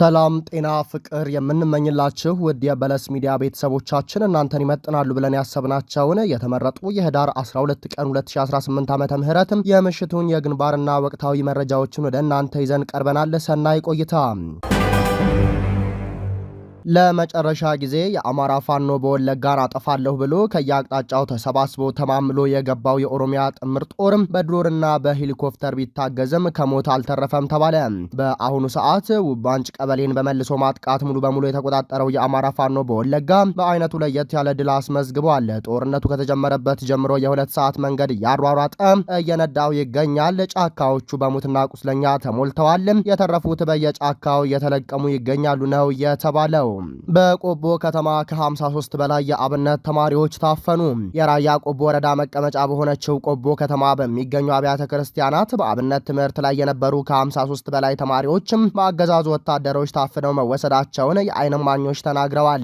ሰላም ጤና ፍቅር የምንመኝላችሁ ውድ የበለስ ሚዲያ ቤተሰቦቻችን እናንተን ይመጥናሉ ብለን ያሰብናቸውን የተመረጡ የህዳር 12 ቀን 2018 ዓ ም የምሽቱን የግንባርና ወቅታዊ መረጃዎችን ወደ እናንተ ይዘን ቀርበናል። ሰናይ ቆይታ ለመጨረሻ ጊዜ የአማራ ፋኖ በወለጋን አጠፋለሁ ብሎ ከየአቅጣጫው ተሰባስቦ ተማምሎ የገባው የኦሮሚያ ጥምር ጦርም በድሮርና በሄሊኮፕተር ቢታገዝም ከሞት አልተረፈም ተባለ። በአሁኑ ሰዓት ውባንጭ ቀበሌን በመልሶ ማጥቃት ሙሉ በሙሉ የተቆጣጠረው የአማራ ፋኖ በወለጋ በአይነቱ ለየት ያለ ድል አስመዝግቧል። ጦርነቱ ከተጀመረበት ጀምሮ የሁለት ሰዓት መንገድ እያሯሯጠ እየነዳው ይገኛል። ጫካዎቹ በሙትና ቁስለኛ ተሞልተዋል። የተረፉት በየጫካው እየተለቀሙ ይገኛሉ ነው የተባለው። በቆቦ ከተማ ከ53 በላይ የአብነት ተማሪዎች ታፈኑ። የራያ ቆቦ ወረዳ መቀመጫ በሆነችው ቆቦ ከተማ በሚገኙ አብያተ ክርስቲያናት በአብነት ትምህርት ላይ የነበሩ ከ53 በላይ ተማሪዎችም በአገዛዙ ወታደሮች ታፍነው መወሰዳቸውን የአይን እማኞች ተናግረዋል።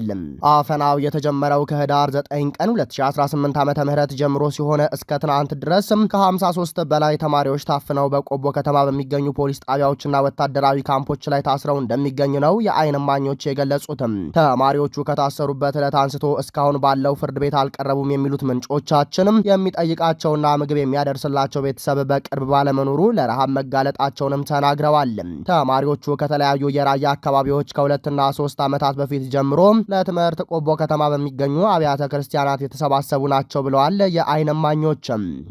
አፈናው የተጀመረው ከህዳር 9 ቀን 2018 ዓ ም ጀምሮ ሲሆን እስከ ትናንት ድረስ ከ53 በላይ ተማሪዎች ታፍነው በቆቦ ከተማ በሚገኙ ፖሊስ ጣቢያዎችና ወታደራዊ ካምፖች ላይ ታስረው እንደሚገኙ ነው የአይን እማኞች የገለጹት። አልተለቀቁትም። ተማሪዎቹ ከታሰሩበት ዕለት አንስቶ እስካሁን ባለው ፍርድ ቤት አልቀረቡም የሚሉት ምንጮቻችንም የሚጠይቃቸውና ምግብ የሚያደርስላቸው ቤተሰብ በቅርብ ባለመኖሩ ለረሃብ መጋለጣቸውንም ተናግረዋል። ተማሪዎቹ ከተለያዩ የራያ አካባቢዎች ከሁለትና ሶስት ዓመታት በፊት ጀምሮ ለትምህርት ቆቦ ከተማ በሚገኙ አብያተ ክርስቲያናት የተሰባሰቡ ናቸው ብለዋል። የአይን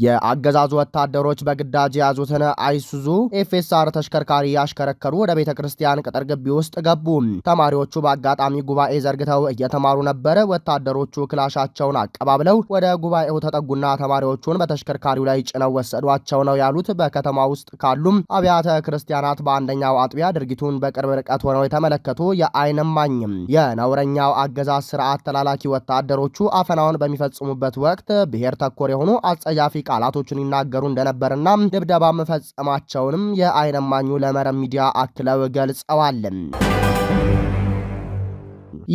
የአገዛዙ ወታደሮች በግዳጅ የያዙትን አይሱዙ ኤፌሳር ተሽከርካሪ ያሽከረከሩ ወደ ቤተ ክርስቲያን ቅጥር ግቢ ውስጥ ገቡ። ተማሪዎቹ በአጋ አጋጣሚ ጉባኤ ዘርግተው እየተማሩ ነበር። ወታደሮቹ ክላሻቸውን አቀባብለው ወደ ጉባኤው ተጠጉና ተማሪዎቹን በተሽከርካሪው ላይ ጭነው ወሰዷቸው ነው ያሉት። በከተማ ውስጥ ካሉም አብያተ ክርስቲያናት በአንደኛው አጥቢያ ድርጊቱን በቅርብ ርቀት ሆነው የተመለከቱ የአይን እማኝም የነውረኛው አገዛዝ ስርዓት ተላላኪ ወታደሮቹ አፈናውን በሚፈጽሙበት ወቅት ብሔር ተኮር የሆኑ አጸያፊ ቃላቶችን ይናገሩ እንደነበርና ድብደባ መፈጸማቸውንም የአይን እማኙ ለመረብ ሚዲያ አክለው ገልጸዋል።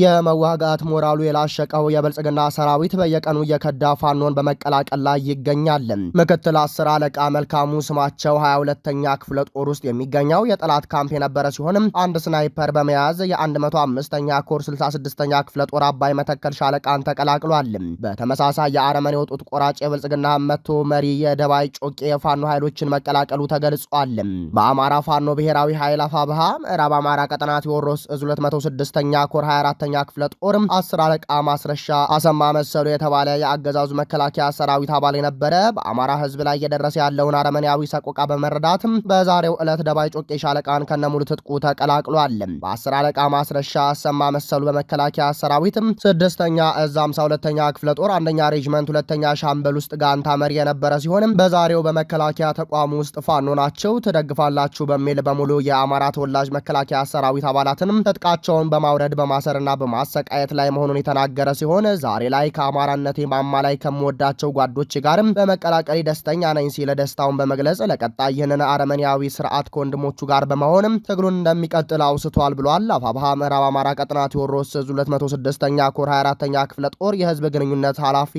የመዋጋት ሞራሉ የላሸቀው የብልጽግና ሰራዊት በየቀኑ እየከዳ ፋኖን በመቀላቀል ላይ ይገኛል። ምክትል አስር አለቃ መልካሙ ስማቸው ሀያ ሁለተኛ ክፍለ ጦር ውስጥ የሚገኘው የጠላት ካምፕ የነበረ ሲሆንም አንድ ስናይፐር በመያዝ የ105ኛ ኮር 66ኛ ክፍለ ጦር አባይ መተከል ሻለቃን ተቀላቅሏል። በተመሳሳይ የአረመን የወጡት ቆራጭ የብልጽግና መቶ መሪ የደባይ ጮቄ የፋኖ ኃይሎችን መቀላቀሉ ተገልጿል። በአማራ ፋኖ ብሔራዊ ኃይል አፋብሃ ምዕራብ አማራ ቀጠናት የወሮስ እዝ 206ኛ ኮር 24 አራተኛ ክፍለ ጦርም አስር አለቃ ማስረሻ አሰማ መሰሉ የተባለ የአገዛዙ መከላከያ ሰራዊት አባል የነበረ በአማራ ህዝብ ላይ እየደረሰ ያለውን አረመኔያዊ ሰቆቃ በመረዳትም በዛሬው ዕለት ደባይ ጮቄ ሻለቃን ከነሙሉ ትጥቁ ተቀላቅሏል። በአስር አለቃ ማስረሻ አሰማ መሰሉ በመከላከያ ሰራዊትም ስድስተኛ እዝ አምሳ ሁለተኛ ክፍለ ጦር አንደኛ ሬጅመንት ሁለተኛ ሻምበል ውስጥ ጋንታ መሪ የነበረ ሲሆንም በዛሬው በመከላከያ ተቋም ውስጥ ፋኖ ናቸው ትደግፋላችሁ በሚል በሙሉ የአማራ ተወላጅ መከላከያ ሰራዊት አባላትንም ትጥቃቸውን በማውረድ በማሰር በማሰርና በማሰቃየት ላይ መሆኑን የተናገረ ሲሆን ዛሬ ላይ ከአማራነቴ ማማ ላይ ከምወዳቸው ጓዶች ጋርም በመቀላቀሌ ደስተኛ ነኝ ሲለ ደስታውን በመግለጽ ለቀጣይ ይህንን አረመኔያዊ ስርዓት ከወንድሞቹ ጋር በመሆንም ትግሉን እንደሚቀጥል አውስቷል ብሏል። አፋብሃ ምዕራብ አማራ ቀጥና ቴዎድሮስ ዕዝ 206ኛ ኮር 24ኛ ክፍለ ጦር የህዝብ ግንኙነት ኃላፊ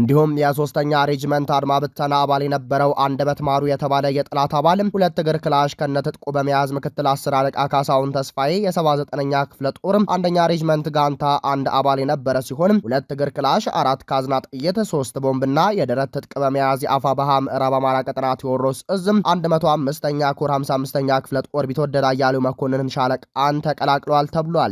እንዲሁም የሶስተኛ ሬጅመንት አድማ ብተና አባል የነበረው አንደበት ማሩ የተባለ የጠላት አባል ሁለት እግር ክላሽ ከነትጥቁ በመያዝ ምክትል አስር አለቃ ካሳውን ተስፋዬ የ79ኛ ክፍለ ጦርም አንደኛ ሬጅመንት ጋንታ አንድ አባል የነበረ ሲሆን ሁለት እግር ክላሽ፣ አራት ካዝና ጥይት፣ ሶስት ቦምብና የደረት ትጥቅ በመያዝ የአፋ ባሃ ምዕራብ አማራ ቀጠና ቴዎድሮስ እዝም 105ኛ ኮር 55ኛ ክፍለ ጦር ቢትወደድ እያሉ መኮንንን ሻለቃን ተቀላቅሏል ተብሏል።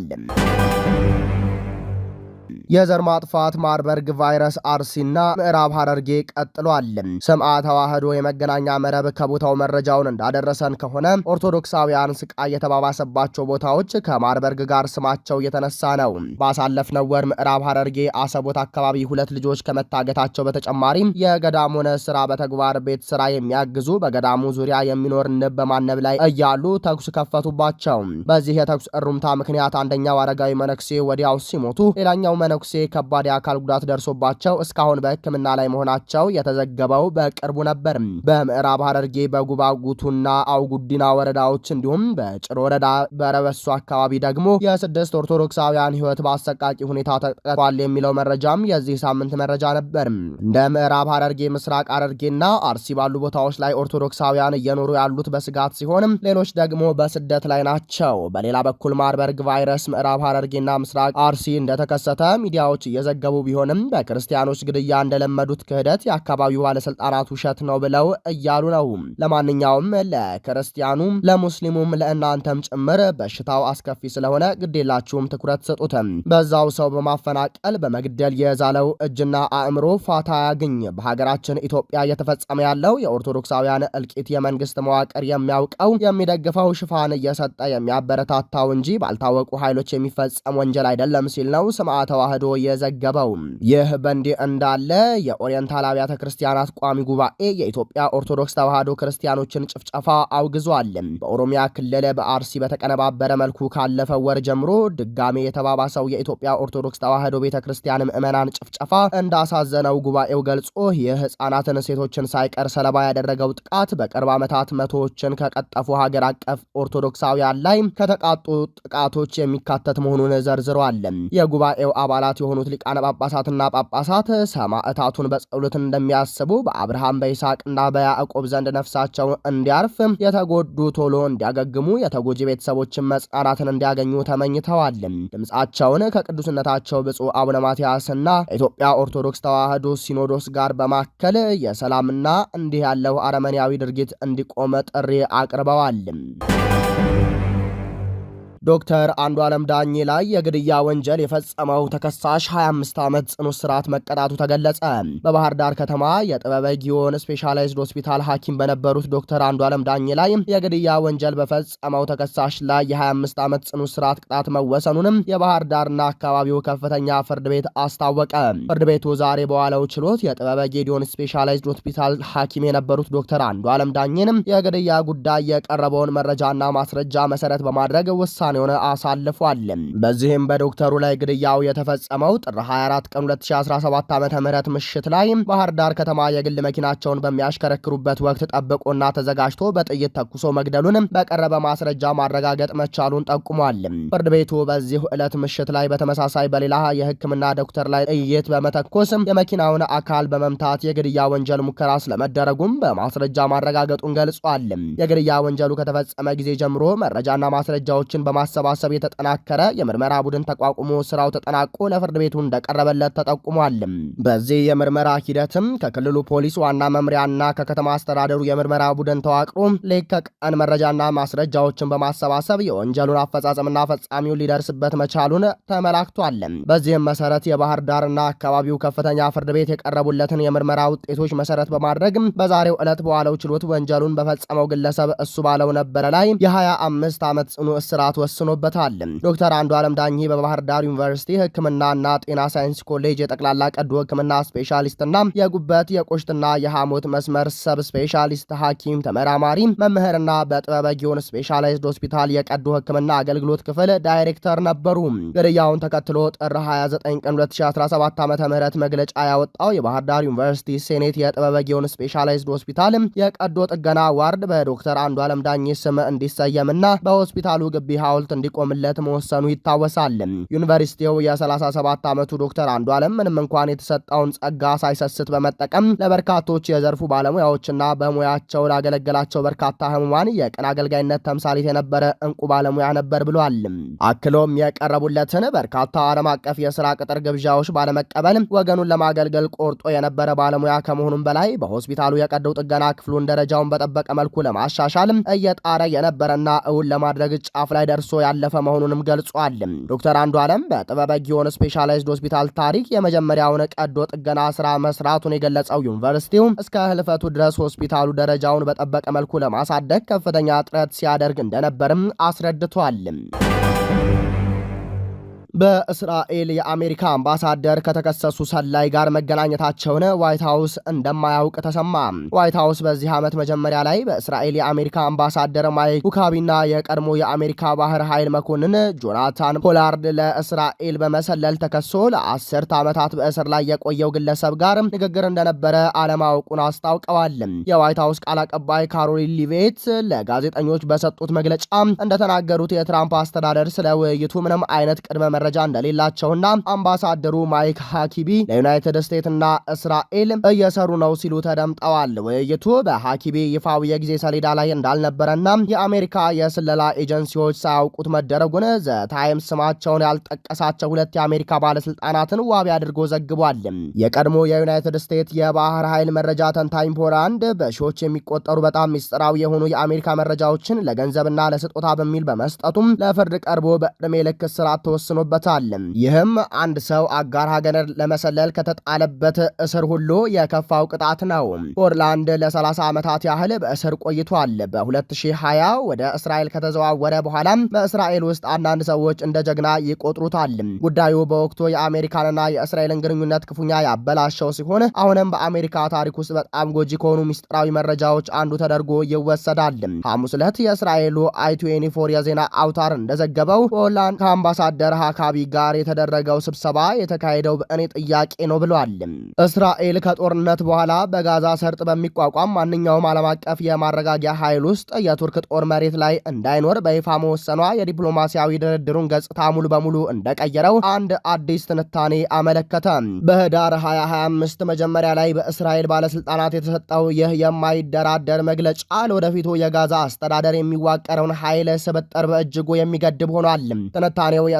የዘር ማጥፋት ማርበርግ ቫይረስ አርሲና ምዕራብ ሀረርጌ ቀጥሏል። ሰምአ ተዋህዶ የመገናኛ መረብ ከቦታው መረጃውን እንዳደረሰን ከሆነ ኦርቶዶክሳውያን ስቃይ የተባባሰባቸው ቦታዎች ከማርበርግ ጋር ስማቸው እየተነሳ ነው። ባሳለፍነው ወር ምዕራብ ሀረርጌ አሰቦት አካባቢ ሁለት ልጆች ከመታገታቸው በተጨማሪም የገዳም ሆነ ስራ በተግባር ቤት ስራ የሚያግዙ በገዳሙ ዙሪያ የሚኖር ንብ በማነብ ላይ እያሉ ተኩስ ከፈቱባቸው። በዚህ የተኩስ እሩምታ ምክንያት አንደኛው አረጋዊ መነኩሴ ወዲያው ሲሞቱ ሌላኛው መነኩሴ ከባድ የአካል ጉዳት ደርሶባቸው እስካሁን በሕክምና ላይ መሆናቸው የተዘገበው በቅርቡ ነበር። በምዕራብ ሐረርጌ በጉባ ጉቱና አውጉዲና ወረዳዎች እንዲሁም በጭር ወረዳ በረበሱ አካባቢ ደግሞ የስድስት ኦርቶዶክሳውያን ህይወት በአሰቃቂ ሁኔታ ተጠቅቷል የሚለው መረጃም የዚህ ሳምንት መረጃ ነበር። እንደ ምዕራብ ሐረርጌ፣ ምስራቅ ሐረርጌና አርሲ ባሉ ቦታዎች ላይ ኦርቶዶክሳውያን እየኖሩ ያሉት በስጋት ሲሆንም፣ ሌሎች ደግሞ በስደት ላይ ናቸው። በሌላ በኩል ማርበርግ ቫይረስ ምዕራብ ሐረርጌና ምስራቅ አርሲ እንደተከሰተ ሚዲያዎች እየዘገቡ ቢሆንም በክርስቲያኖች ግድያ እንደለመዱት ክህደት የአካባቢው ባለስልጣናት ውሸት ነው ብለው እያሉ ነው። ለማንኛውም ለክርስቲያኑም ለሙስሊሙም ለእናንተም ጭምር በሽታው አስከፊ ስለሆነ ግዴላችሁም ትኩረት ስጡትም። በዛው ሰው በማፈናቀል በመግደል የዛለው እጅና አእምሮ ፋታ ያግኝ። በሀገራችን ኢትዮጵያ እየተፈጸመ ያለው የኦርቶዶክሳውያን እልቂት የመንግስት መዋቅር የሚያውቀው የሚደግፈው ሽፋን እየሰጠ የሚያበረታታው እንጂ ባልታወቁ ኃይሎች የሚፈጸም ወንጀል አይደለም ሲል ነው ስምዓተ ተዋህዶ የዘገበው። ይህ በእንዲህ እንዳለ የኦሪየንታል አብያተ ክርስቲያናት ቋሚ ጉባኤ የኢትዮጵያ ኦርቶዶክስ ተዋሕዶ ክርስቲያኖችን ጭፍጨፋ አውግዟል። በኦሮሚያ ክልል በአርሲ በተቀነባበረ መልኩ ካለፈው ወር ጀምሮ ድጋሜ የተባባሰው የኢትዮጵያ ኦርቶዶክስ ተዋሕዶ ቤተ ክርስቲያን ምዕመናን ጭፍጨፋ እንዳሳዘነው ጉባኤው ገልጾ ይህ ህጻናትን፣ ሴቶችን ሳይቀር ሰለባ ያደረገው ጥቃት በቅርብ ዓመታት መቶዎችን ከቀጠፉ ሀገር አቀፍ ኦርቶዶክሳውያን ላይ ከተቃጡ ጥቃቶች የሚካተት መሆኑን ዘርዝሯል። የጉባኤው አባ አባላት የሆኑት ሊቃነ ጳጳሳትና ጳጳሳት ሰማዕታቱን በጸሎት እንደሚያስቡ በአብርሃም በይስሐቅና በያዕቆብ ዘንድ ነፍሳቸው እንዲያርፍ የተጎዱ ቶሎ እንዲያገግሙ የተጎጂ ቤተሰቦችን መጽናናትን እንዲያገኙ ተመኝተዋል። ድምፃቸውን ከቅዱስነታቸው ብፁዕ አቡነ ማትያስና ኢትዮጵያ ኦርቶዶክስ ተዋህዶ ሲኖዶስ ጋር በማከል የሰላምና እንዲህ ያለው አረመኔያዊ ድርጊት እንዲቆም ጥሪ አቅርበዋል። ዶክተር አንዱዓለም ዳኜ ላይ የግድያ ወንጀል የፈጸመው ተከሳሽ 25 ዓመት ጽኑ እስራት መቀጣቱ ተገለጸ። በባህር ዳር ከተማ የጥበበ ጊዮን ስፔሻላይዝድ ሆስፒታል ሐኪም በነበሩት ዶክተር አንዱዓለም ዳኜ ላይ የግድያ ወንጀል በፈጸመው ተከሳሽ ላይ የ25 ዓመት ጽኑ እስራት ቅጣት መወሰኑንም የባህር ዳርና አካባቢው ከፍተኛ ፍርድ ቤት አስታወቀ። ፍርድ ቤቱ ዛሬ በዋለው ችሎት የጥበበ ጌዲዮን ስፔሻላይዝድ ሆስፒታል ሐኪም የነበሩት ዶክተር አንዱዓለም ዳኜንም የግድያ ጉዳይ የቀረበውን መረጃና ማስረጃ መሰረት በማድረግ ውሳኔ ውሳኔውን አሳልፏል። በዚህም በዶክተሩ ላይ ግድያው የተፈጸመው ጥር 24 ቀን 2017 ዓ ም ምሽት ላይ ባህር ዳር ከተማ የግል መኪናቸውን በሚያሽከረክሩበት ወቅት ጠብቆና ተዘጋጅቶ በጥይት ተኩሶ መግደሉን በቀረበ ማስረጃ ማረጋገጥ መቻሉን ጠቁሟል። ፍርድ ቤቱ በዚሁ ዕለት ምሽት ላይ በተመሳሳይ በሌላ የሕክምና ዶክተር ላይ ጥይት በመተኮስ የመኪናውን አካል በመምታት የግድያ ወንጀል ሙከራ ስለመደረጉም በማስረጃ ማረጋገጡን ገልጿል። የግድያ ወንጀሉ ከተፈጸመ ጊዜ ጀምሮ መረጃና ማስረጃዎችን በማ በማሰባሰብ የተጠናከረ የምርመራ ቡድን ተቋቁሞ ስራው ተጠናቆ ለፍርድ ቤቱ እንደቀረበለት ተጠቁሟል። በዚህ የምርመራ ሂደትም ከክልሉ ፖሊስ ዋና መምሪያና ከከተማ አስተዳደሩ የምርመራ ቡድን ተዋቅሮ ሌት ከቀን መረጃና ማስረጃዎችን በማሰባሰብ የወንጀሉን አፈጻጸምና ፈጻሚውን ሊደርስበት መቻሉን ተመላክቷል። በዚህም መሰረት የባህር ዳርና አካባቢው ከፍተኛ ፍርድ ቤት የቀረቡለትን የምርመራ ውጤቶች መሰረት በማድረግ በዛሬው ዕለት በዋለው ችሎት ወንጀሉን በፈጸመው ግለሰብ እሱ ባለው ነበረ ላይ የ25 ዓመት ጽኑ እስራት ተወስኖበታል። ዶክተር አንዱ አለም ዳኜ በባህር ዳር ዩኒቨርሲቲ ህክምናና ጤና ሳይንስ ኮሌጅ የጠቅላላ ቀዶ ስፔሻሊስት ስፔሻሊስትና የጉበት የቆሽትና የሐሞት መስመር ሰብ ስፔሻሊስት ሐኪም ተመራማሪ መምህርና በጥበበ ጊዮን ስፔሻላይዝድ ሆስፒታል የቀዶ ህክምና አገልግሎት ክፍል ዳይሬክተር ነበሩ። ግድያውን ተከትሎ ጥር 29 ቀን 2017 ዓ ም መግለጫ ያወጣው የባህር ዳር ዩኒቨርሲቲ ሴኔት የጥበበ ጊዮን ስፔሻላይዝድ ሆስፒታል የቀዶ ጥገና ዋርድ በዶክተር አንዱ አለም ዳኜ ስም እንዲሰየምና በሆስፒታሉ ግቢ ሀውል ሐውልት እንዲቆምለት መወሰኑ ይታወሳል። ዩኒቨርሲቲው የ37 ዓመቱ ዶክተር አንዱ አለም ምንም እንኳን የተሰጠውን ጸጋ ሳይሰስት በመጠቀም ለበርካቶች የዘርፉ ባለሙያዎችና በሙያቸው ላገለገላቸው በርካታ ህሙማን የቅን አገልጋይነት ተምሳሌት የነበረ እንቁ ባለሙያ ነበር ብሏል። አክሎም የቀረቡለትን በርካታ ዓለም አቀፍ የስራ ቅጥር ግብዣዎች ባለመቀበል ወገኑን ለማገልገል ቆርጦ የነበረ ባለሙያ ከመሆኑም በላይ በሆስፒታሉ የቀዶ ጥገና ክፍሉን ደረጃውን በጠበቀ መልኩ ለማሻሻል እየጣረ የነበረና እውን ለማድረግ ጫፍ ላይ ደርሶ ተደርሶ ያለፈ መሆኑንም ገልጿል። ዶክተር አንዱ አለም በጥበበ ጊዮን ስፔሻላይዝድ ሆስፒታል ታሪክ የመጀመሪያውን ቀዶ ጥገና ስራ መስራቱን የገለጸው ዩኒቨርሲቲው እስከ ህልፈቱ ድረስ ሆስፒታሉ ደረጃውን በጠበቀ መልኩ ለማሳደግ ከፍተኛ ጥረት ሲያደርግ እንደነበርም አስረድቷል። በእስራኤል የአሜሪካ አምባሳደር ከተከሰሱ ሰላይ ጋር መገናኘታቸውን ዋይት ሀውስ እንደማያውቅ ተሰማ። ዋይት ሀውስ በዚህ ዓመት መጀመሪያ ላይ በእስራኤል የአሜሪካ አምባሳደር ማይክ ሁካቢና የቀድሞ የአሜሪካ ባህር ኃይል መኮንን ጆናታን ፖላርድ ለእስራኤል በመሰለል ተከሶ ለአስርት ዓመታት በእስር ላይ የቆየው ግለሰብ ጋር ንግግር እንደነበረ አለማወቁን አስታውቀዋል። የዋይት ሀውስ ቃል አቀባይ ካሮሊን ሊቬት ለጋዜጠኞች በሰጡት መግለጫ እንደተናገሩት የትራምፕ አስተዳደር ስለ ውይይቱ ምንም አይነት ቅድመ መረጃ እንደሌላቸውና አምባሳደሩ ማይክ ሃኪቢ ለዩናይትድ ስቴትስና እስራኤል እየሰሩ ነው ሲሉ ተደምጠዋል። ውይይቱ በሀኪቢ ይፋዊ የጊዜ ሰሌዳ ላይ እንዳልነበረና የአሜሪካ የስለላ ኤጀንሲዎች ሳያውቁት መደረጉን ዘ ታይምስ ስማቸውን ያልጠቀሳቸው ሁለት የአሜሪካ ባለስልጣናትን ዋቢ አድርጎ ዘግቧል። የቀድሞ የዩናይትድ ስቴትስ የባህር ኃይል መረጃ ተንታኝ ፖላንድ በሺዎች የሚቆጠሩ በጣም ሚስጥራዊ የሆኑ የአሜሪካ መረጃዎችን ለገንዘብና ለስጦታ በሚል በመስጠቱም ለፍርድ ቀርቦ በዕድሜ ልክ እስራት ተወስኖበት ተደርሶበታል። ይህም አንድ ሰው አጋር ሀገርን ለመሰለል ከተጣለበት እስር ሁሉ የከፋው ቅጣት ነው። ፖርላንድ ለ30 ዓመታት ያህል በእስር ቆይቷል። በ2020 ወደ እስራኤል ከተዘዋወረ በኋላም በእስራኤል ውስጥ አንዳንድ ሰዎች እንደ ጀግና ይቆጥሩታል። ጉዳዩ በወቅቱ የአሜሪካንና የእስራኤልን ግንኙነት ክፉኛ ያበላሸው ሲሆን አሁንም በአሜሪካ ታሪክ ውስጥ በጣም ጎጂ ከሆኑ ሚስጥራዊ መረጃዎች አንዱ ተደርጎ ይወሰዳል። ሐሙስ ዕለት የእስራኤሉ አይ24 የዜና አውታር እንደዘገበው ፖላንድ ከአምባሳደር ሀካ አካባቢ ጋር የተደረገው ስብሰባ የተካሄደው በእኔ ጥያቄ ነው ብለዋል። እስራኤል ከጦርነት በኋላ በጋዛ ሰርጥ በሚቋቋም ማንኛውም ዓለም አቀፍ የማረጋጊያ ኃይል ውስጥ የቱርክ ጦር መሬት ላይ እንዳይኖር በይፋ መወሰኗ የዲፕሎማሲያዊ ድርድሩን ገጽታ ሙሉ በሙሉ እንደቀየረው አንድ አዲስ ትንታኔ አመለከተ። በህዳር 2025 መጀመሪያ ላይ በእስራኤል ባለስልጣናት የተሰጠው ይህ የማይደራደር መግለጫ ለወደፊቱ የጋዛ አስተዳደር የሚዋቀረውን ኃይል ስብጥር በእጅጉ የሚገድብ ሆኗል። ትንታኔው